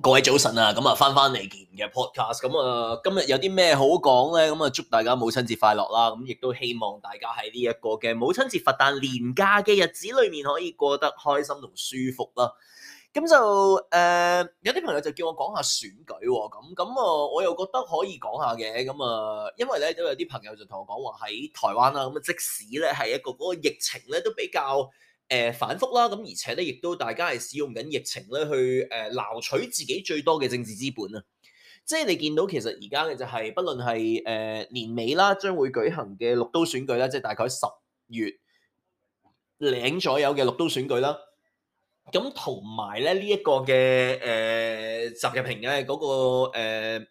各位早晨啊，咁啊返返嚟件嘅 podcast，咁啊今日有啲咩好講咧？咁啊祝大家母親節快樂啦！咁亦都希望大家喺呢一個嘅母親節佛誕年假嘅日子裏面可以過得開心同舒服啦。咁就誒、呃、有啲朋友就叫我講下選舉喎，咁咁啊我又覺得可以講下嘅，咁啊因為咧都有啲朋友就同我講話喺台灣啦，咁啊即使咧係一個嗰個疫情咧都比較。誒、呃、反覆啦，咁而且咧，亦都大家係使用緊疫情咧去誒撈、呃、取自己最多嘅政治資本啊！即係你見到其實而家嘅就係、是，不論係誒年尾啦，將會舉行嘅綠都選舉啦，即係大概十月左右嘅綠都選舉啦。咁同埋咧，呢、這、一個嘅誒、呃、習近平嘅嗰、那個、呃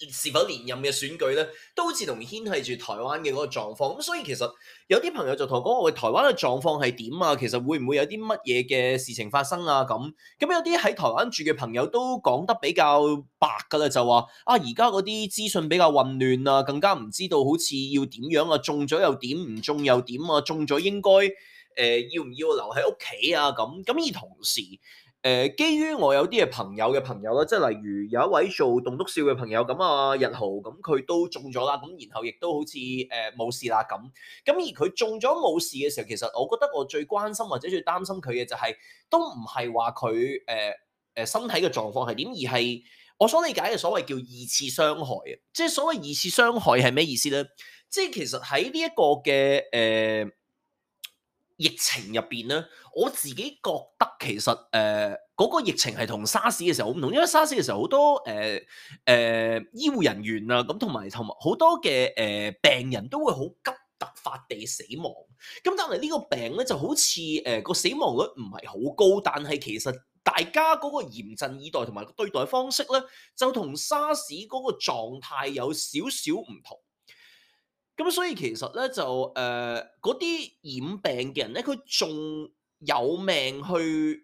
是否連任嘅選舉咧，都好似同牽係住台灣嘅嗰個狀況。咁所以其實有啲朋友就同我講：我哋台灣嘅狀況係點啊？其實會唔會有啲乜嘢嘅事情發生啊？咁咁有啲喺台灣住嘅朋友都講得比較白㗎啦，就話啊，而家嗰啲資訊比較混亂啊，更加唔知道好似要點樣啊，中咗又點，唔中又點啊，中咗應該誒、呃、要唔要留喺屋企啊？咁咁而同時。誒，基於我有啲嘅朋友嘅朋友啦，即係例如有一位做棟篤笑嘅朋友咁啊，日豪咁佢都中咗啦，咁然後亦都好似誒冇事啦咁，咁而佢中咗冇事嘅時候，其實我覺得我最關心或者最擔心佢嘅就係，都唔係話佢誒誒身體嘅狀況係點，而係我所理解嘅所謂叫二次傷害啊，即係所謂二次傷害係咩意思咧？即係其實喺呢一個嘅誒。呃疫情入邊咧，我自己覺得其實誒嗰、呃那個疫情係同沙士嘅時候好唔同，因為沙士嘅時候好多誒誒、呃呃、醫護人員啊，咁同埋同埋好多嘅誒、呃、病人都會好急突發地死亡，咁但係呢個病咧就好似誒個死亡率唔係好高，但係其實大家嗰個嚴陣以待同埋個對待方式咧，就同沙士 r s 嗰個狀態有少少唔同。咁、嗯、所以其實咧就誒嗰啲染病嘅人咧，佢仲有命去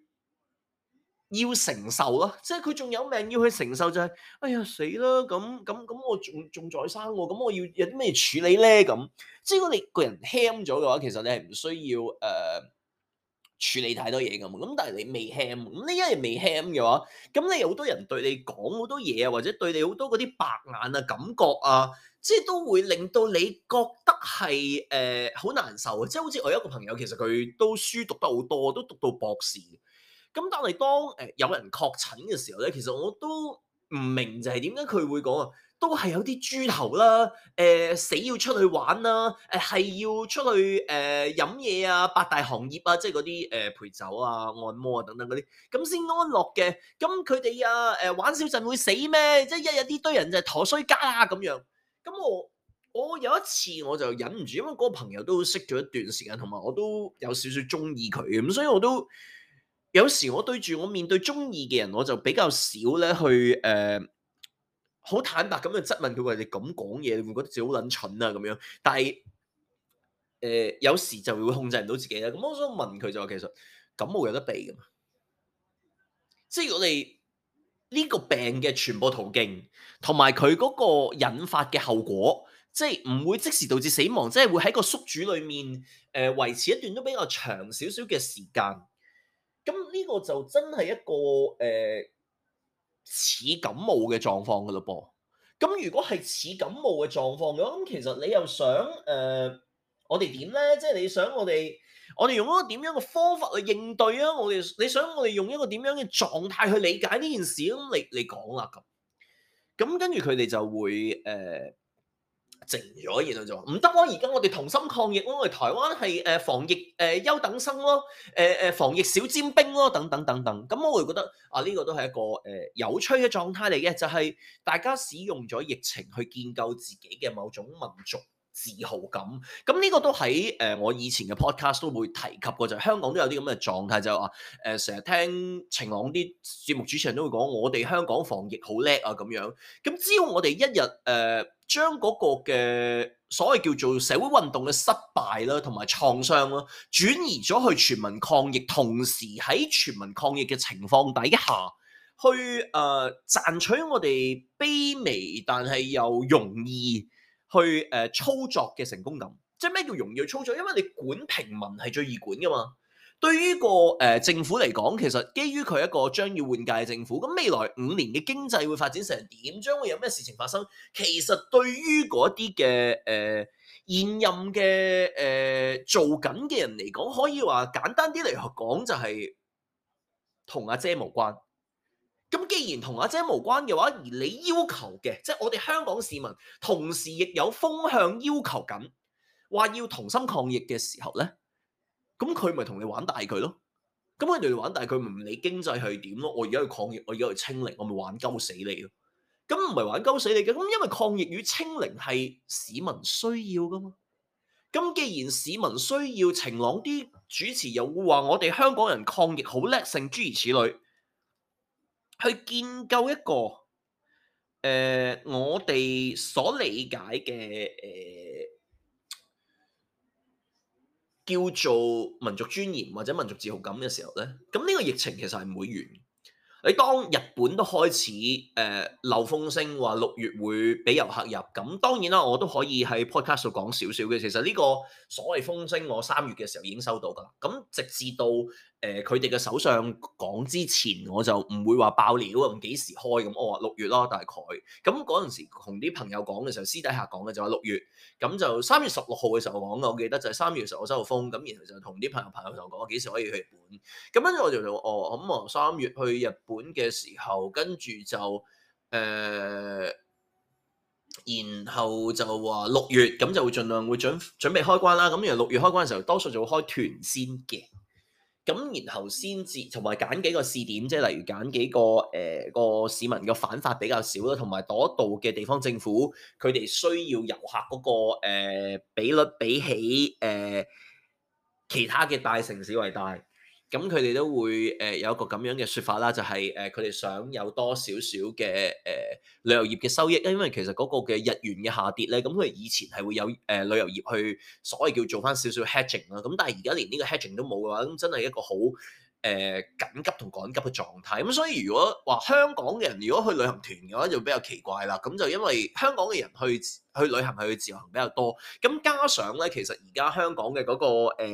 要承受咯，即係佢仲有命要去承受就係、是，哎呀死啦！咁咁咁我仲仲在生我、啊，咁我要有啲咩處理咧？咁即係如果你個人輕咗嘅話，其實你係唔需要誒，呃處理太多嘢咁，咁但係你未喊，咁你一係未喊嘅話，咁你有好多人對你講好多嘢啊，或者對你好多嗰啲白眼啊、感覺啊，即係都會令到你覺得係誒好難受啊！即係好似我有一個朋友，其實佢都書讀得好多，都讀到博士。咁但係當誒有人確診嘅時候咧，其實我都唔明就係點解佢會講啊。都係有啲豬頭啦，誒、呃、死要出去玩啦，誒、呃、係要出去誒、呃、飲嘢啊，八大行業啊，即係嗰啲誒陪酒啊、按摩啊等等嗰啲，咁先安樂嘅。咁佢哋啊，誒、呃、玩少陣會死咩？即係一日啲堆人就係陀衰家啊咁樣。咁我我有一次我就忍唔住，因為嗰個朋友都識咗一段時間，同埋我都有少少中意佢嘅，咁所以我都有時我對住我面對中意嘅人，我就比較少咧去誒。呃好坦白咁去質問佢話你咁講嘢，你會，會覺得自己好撚蠢啊咁樣。但係誒、呃，有時就會控制唔到自己啦。咁我想問佢就話其實感冒有得避㗎嘛？即係我哋呢個病嘅傳播途徑，同埋佢嗰個引發嘅後果，即係唔會即時導致死亡，即係會喺個宿主裏面誒、呃、維持一段都比較長少少嘅時間。咁呢個就真係一個誒。呃似感冒嘅狀況㗎喇噃，咁如果係似感冒嘅狀況嘅，咁其實你又想誒、呃，我哋點咧？即係你想我哋，我哋用一個點樣嘅方法去應對啊？我哋你想我哋用一個點樣嘅狀態去理解呢件事，咁你你講啦？咁，咁跟住佢哋就會誒。呃靜咗，然後就唔得咯！而家我哋同心抗疫咯，我哋台灣係誒、呃、防疫誒優等生咯，誒、呃、誒、呃、防疫小尖兵咯，等等等等。咁我會覺得啊，呢、這個都係一個誒、呃、有趣嘅狀態嚟嘅，就係、是、大家使用咗疫情去建構自己嘅某種民族。自豪感，咁、嗯、呢、這個都喺誒、呃、我以前嘅 podcast 都會提及過，就是、香港都有啲咁嘅狀態，就話誒成日聽晴朗啲節目主持人都會講，我哋香港防疫好叻啊咁樣。咁、嗯、只要我哋一日誒將嗰個嘅所謂叫做社會運動嘅失敗啦，同埋創傷啦，轉移咗去全民抗疫，同時喺全民抗疫嘅情況底下，去誒賺、呃、取我哋卑微但係又容易。去誒操作嘅成功感，即係咩叫容易去操作？因為你管平民係最易管㗎嘛。對於個誒、呃、政府嚟講，其實基於佢一個將要換屆嘅政府，咁未來五年嘅經濟會發展成點？將會有咩事情發生？其實對於嗰啲嘅誒現任嘅誒、呃、做緊嘅人嚟講，可以話簡單啲嚟講，就係同阿姐無關。既然同阿姐，姐無關嘅話，而你要求嘅，即係我哋香港市民同時亦有風向要求緊，話要同心抗疫嘅時候咧，咁佢咪同你玩大佢咯？咁佢哋玩大佢，唔理經濟係點咯？我而家去抗疫，我而家去清零，我咪玩鳩死你咯？咁唔係玩鳩死你嘅？咁因為抗疫與清零係市民需要噶嘛？咁既然市民需要，晴朗啲主持又會話我哋香港人抗疫好叻，性諸如此類。去建構一個誒、呃，我哋所理解嘅誒、呃，叫做民族尊嚴或者民族自豪感嘅時候咧，咁呢個疫情其實係唔會完。你當日本都開始誒漏、呃、風聲，話六月會俾遊客入，咁當然啦，我都可以喺 podcast 度講少少嘅。其實呢個所謂風聲，我三月嘅時候已經收到㗎喇，咁直至到，誒佢哋嘅首相講之前，我就唔會話爆料啊！咁幾時開咁？我話六月囉，大概。咁嗰陣時同啲朋友講嘅時候，私底下講嘅就話六月。咁就三月十六號嘅時候講嘅，我記得就係三月十六號收到風。咁然後就同啲朋友，朋友就講幾時可以去日本。咁跟住我就就，哦，咁我三月去日本嘅時候，跟住就誒、呃，然後就話六月，咁就會盡量會準、準備開關啦。咁然後六月開關嘅時候，多數就會開團先嘅。咁然後先至，同埋揀幾個試點，即係例如揀幾個誒、呃、個市民嘅反法比較少啦，同埋嗰度嘅地方政府，佢哋需要遊客嗰、嗰個比率、呃、比起誒、呃、其他嘅大城市為大。咁佢哋都會誒有一個咁樣嘅説法啦，就係誒佢哋想有多少少嘅誒旅遊業嘅收益，因為其實嗰個嘅日元嘅下跌咧，咁佢以前係會有誒旅遊業去所謂叫做返少少 hedging 啦，咁但係而家連呢個 hedging 都冇嘅話，咁真係一個好。誒緊急同趕急嘅狀態，咁所以如果話香港嘅人如果去旅行團嘅話，就比較奇怪啦。咁就因為香港嘅人去去旅行係去自由行比較多，咁加上咧，其實而家香港嘅嗰、個、呃、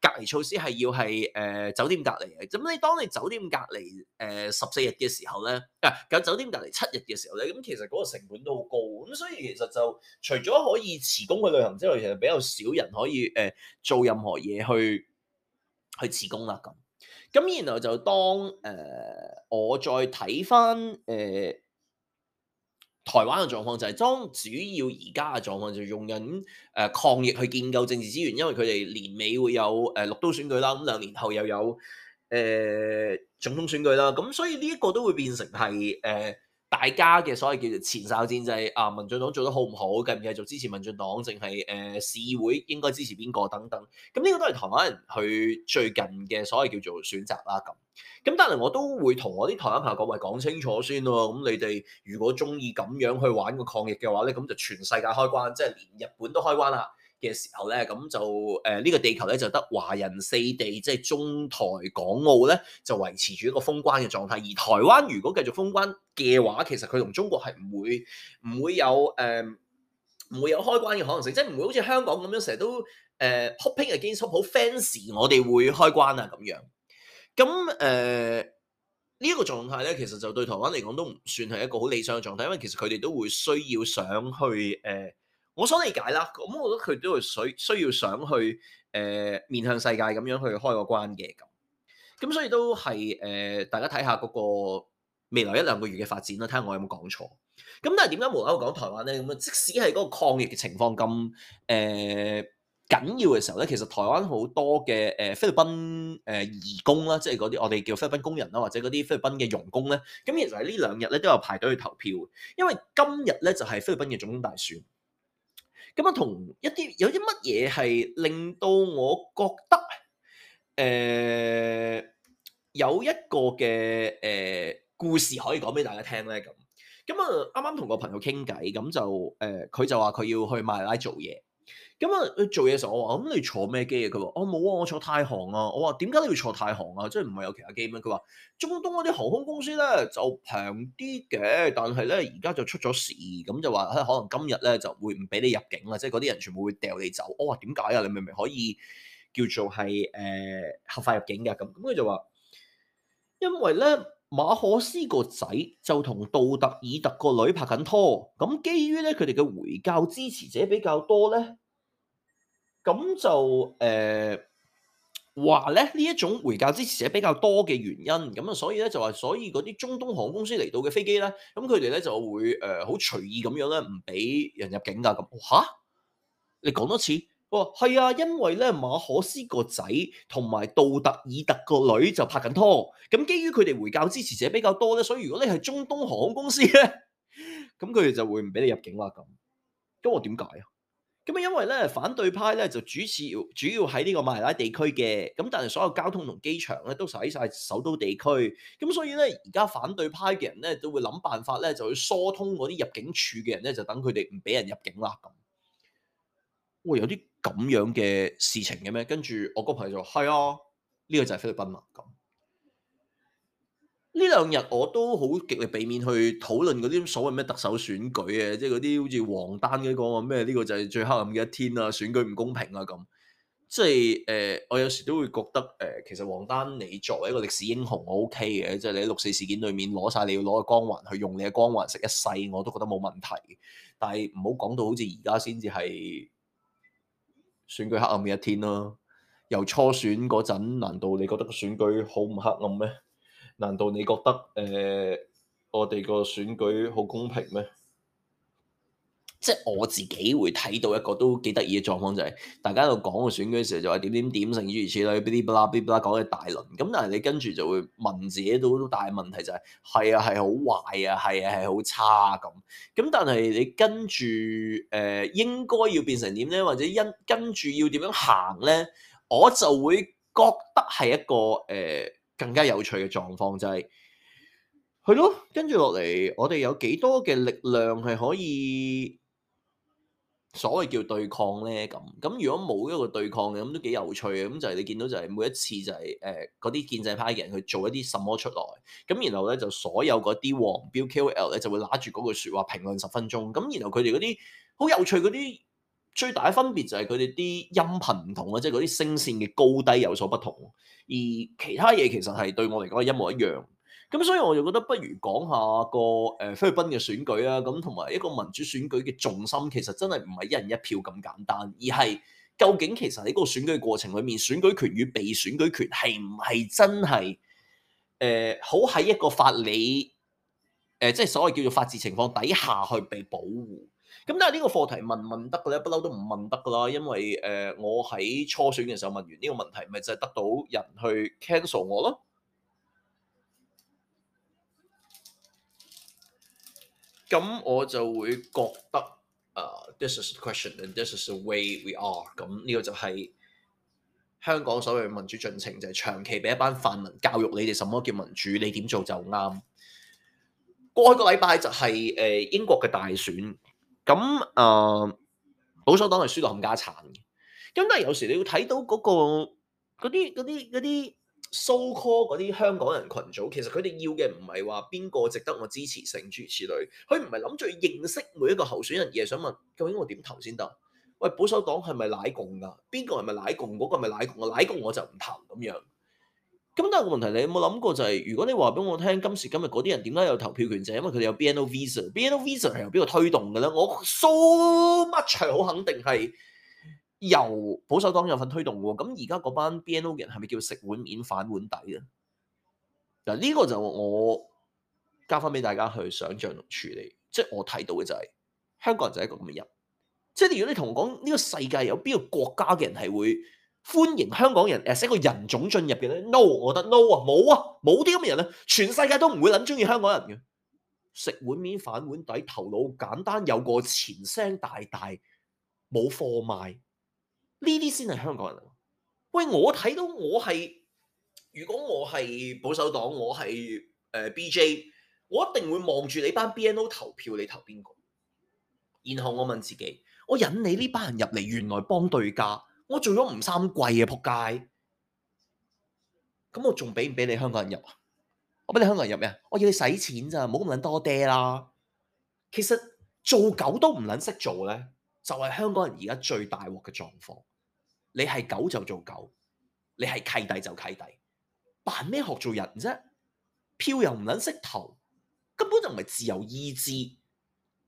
隔離措施係要係誒、呃、酒店隔離嘅。咁你當你酒店隔離誒十四日嘅時候咧，啊、呃，咁酒店隔離七日嘅時候咧，咁其實嗰個成本都好高。咁所以其實就除咗可以辭工去旅行之外，其實比較少人可以誒、呃、做任何嘢去去辭工啦。咁咁然後就當誒、呃、我再睇翻誒台灣嘅狀況，就係、是、當主要而家嘅狀況就用緊誒、呃、抗疫去建構政治資源，因為佢哋年尾會有誒六、呃、都選舉啦，咁兩年後又有誒、呃、總統選舉啦，咁所以呢一個都會變成係誒。呃大家嘅所謂叫做前哨戰制、就係，啊，民進黨做得好唔好，繼唔繼續支持民進黨，淨係誒市議會應該支持邊個等等，咁呢個都係台灣人佢最近嘅所謂叫做選擇啦咁。咁但係我都會同我啲台灣朋友講話講清楚先咯，咁、嗯、你哋如果中意咁樣去玩個抗疫嘅話咧，咁就全世界開關，即係連日本都開關啦。嘅時候咧，咁就誒呢個地球咧就得華人四地，即係中台港澳咧，就維持住一個封關嘅狀態。而台灣如果繼續封關嘅話，其實佢同中國係唔會唔會有誒唔會有開關嘅可能性，即係唔會好似香港咁樣成日都誒、呃、hoping against hope 好 fans 我哋會開關啊咁樣。咁誒呢一個狀態咧，其實就對台灣嚟講都唔算係一個好理想嘅狀態，因為其實佢哋都會需要想去誒。呃我所理解啦，咁我覺得佢都係需需要想去誒、呃、面向世界咁樣去開個關嘅咁，咁所以都係誒、呃、大家睇下嗰個未來一兩個月嘅發展啦，睇下我有冇講錯。咁但係點解無啦啦講台灣咧？咁即使係嗰個抗疫嘅情況咁誒緊要嘅時候咧，其實台灣好多嘅誒、呃、菲律賓誒移、呃、工啦，即係嗰啲我哋叫菲律賓工人啦，或者嗰啲菲律賓嘅傭工咧，咁其實喺呢兩日咧都有排隊去投票，因為今日咧就係、是、菲律賓嘅總統大選。咁啊，同一啲有啲乜嘢係令到我覺得誒、呃、有一個嘅誒、呃、故事可以講俾大家聽咧。咁咁啊，啱啱同個朋友傾偈，咁就誒佢、呃、就話佢要去馬拉做嘢。咁啊，佢做嘢嘅時候，我，我話咁你坐咩機啊？佢話我冇啊，我坐太航啊。我話點解你要坐太航啊？即係唔係有其他機咩？佢話中東嗰啲航空公司咧就平啲嘅，但係咧而家就出咗事，咁就話可能今日咧就會唔俾你入境啦，即係嗰啲人全部會掉你走。我話點解啊？你明明可以叫做係誒、呃、合法入境嘅，咁咁佢就話因為咧馬可思個仔就同杜特爾特個女拍緊拖，咁基於咧佢哋嘅回教支持者比較多咧。咁就誒話咧呢一種回教支持者比較多嘅原因，咁啊所以咧就話，所以嗰啲中東航空公司嚟到嘅飛機咧，咁佢哋咧就會誒好、呃、隨意咁樣咧唔俾人入境噶咁吓？你講多次，佢話係啊，因為咧馬可思個仔同埋杜特爾特個女就拍緊拖，咁基於佢哋回教支持者比較多咧，所以如果你係中東航空公司咧，咁佢哋就會唔俾你入境啦咁。咁我點解啊？咁因為咧，反對派咧就主持主要喺呢個馬尼拉地區嘅，咁但係所有交通同機場咧都喺晒首都地區，咁所以咧而家反對派嘅人咧都會諗辦法咧，就去疏通嗰啲入境處嘅人咧，就等佢哋唔俾人入境啦咁。哇，有啲咁樣嘅事情嘅咩？跟住我個朋友就話：係啊，呢個就係菲律賓啦咁。呢兩日我都好極力避免去討論嗰啲所謂咩特首選舉嘅，即係嗰啲好似王丹嗰個話咩呢個就係最黑暗嘅一天啦，選舉唔公平啦咁。即係誒、呃，我有時都會覺得誒、呃，其實王丹你作為一個歷史英雄，我 OK 嘅，即係你喺六四事件裏面攞晒你要攞嘅光環，去用你嘅光環食一世，我都覺得冇問題。但係唔好講到好似而家先至係選舉黑暗嘅一天咯。由初選嗰陣，難道你覺得個選舉好唔黑暗咩？難道你覺得誒，我哋個選舉好公平咩？即係我自己會睇到一個都幾得意嘅狀況，就係大家喺度講個選舉嘅時候，就話點點點，諸如此類啦，嗶哩吧啦嗶哩吧啦，講嘅大輪。咁但係你跟住就會問自己到大問題就係，係啊係好壞啊，係啊係好差咁。咁但係你跟住誒，應該要變成點咧？或者因跟住要點樣行咧？我就會覺得係一個誒。更加有趣嘅狀況就係、是，係咯，跟住落嚟，我哋有幾多嘅力量係可以所謂叫對抗咧？咁咁如果冇一個對抗嘅，咁都幾有趣嘅。咁就係你見到就係每一次就係誒嗰啲建制派嘅人去做一啲什麼出來，咁然後咧就所有嗰啲黃標 KOL 咧就會拿住嗰句説話評論十分鐘，咁然後佢哋嗰啲好有趣嗰啲。最大嘅分別就係佢哋啲音頻唔同啊，即係嗰啲聲線嘅高低有所不同。而其他嘢其實係對我嚟講係一模一樣。咁所以我就覺得不如講下個誒菲律賓嘅選舉啊，咁同埋一個民主選舉嘅重心其實真係唔係一人一票咁簡單，而係究竟其實喺個選舉過程裡面，選舉權與被選舉權係唔係真係誒、呃、好喺一個法理誒、呃、即係所謂叫做法治情況底下去被保護。咁但係呢個課題問問得嘅咧，不嬲都唔問得噶啦，因為誒我喺初選嘅時候問完呢個問題，咪就係、是、得到人去 cancel 我咯。咁我就會覺得啊，this is the question and this is the way we are。咁、這、呢個就係香港所謂嘅民主進程，就係、是、長期俾一班泛民教育你哋什麼叫民主，你點做就啱。過去個禮拜就係誒英國嘅大選。咁誒、呃，保守黨係輸到冚家鏟嘅。咁但係有時你要睇到嗰啲嗰啲嗰啲 so-called 啲香港人群組，其實佢哋要嘅唔係話邊個值得我支持，諸如此類，佢唔係諗住認識每一個候選人，而係想問究竟我點投先得？喂，保守黨係咪奶共㗎？邊個係咪奶共？嗰、那個係咪奶共？我奶共我就唔投咁樣。咁第二個問題，你有冇諗過就係、是，如果你話俾我聽，今時今日嗰啲人點解有投票權，就係、是、因為佢哋有 BNO visa。BNO visa 係由邊個推動嘅咧？我 so much 好肯定係由保守黨有份推動嘅。咁而家嗰班 BNO 嘅人係咪叫食碗面反碗底啊？嗱，呢個就我交翻俾大家去想象同處理。即、就、係、是、我睇到嘅就係、是，香港人就係一個咁嘅人。即、就、係、是、如果你同我講呢、這個世界有邊個國家嘅人係會？歡迎香港人，誒、呃，成個人種進入嘅咧？No，我覺得 No 啊，冇啊，冇啲咁嘅人咧，全世界都唔會諗中意香港人嘅。食碗面反碗底，頭腦簡單，有個前聲大大，冇貨賣，呢啲先係香港人啊！喂，我睇到我係，如果我係保守黨，我係誒、uh, B J，我一定會望住你班 B N O 投票，你投邊個？然後我問自己，我引你呢班人入嚟，原來幫對家。我做咗吳三桂啊！仆街，咁我仲俾唔俾你香港人入啊？我俾你香港人入咩啊？我要你使錢咋，冇咁撚多爹啦。其實做狗都唔撚識做咧，就係、是、香港人而家最大鑊嘅狀況。你係狗就做狗，你係契弟就契弟，扮咩學做人啫？票又唔撚識投，根本就唔係自由意志，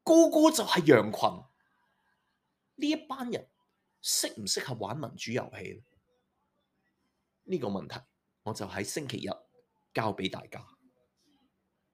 個個就係羊群。呢一班人。適唔適合玩民主遊戲呢？呢個問題，我就喺星期日交畀大家。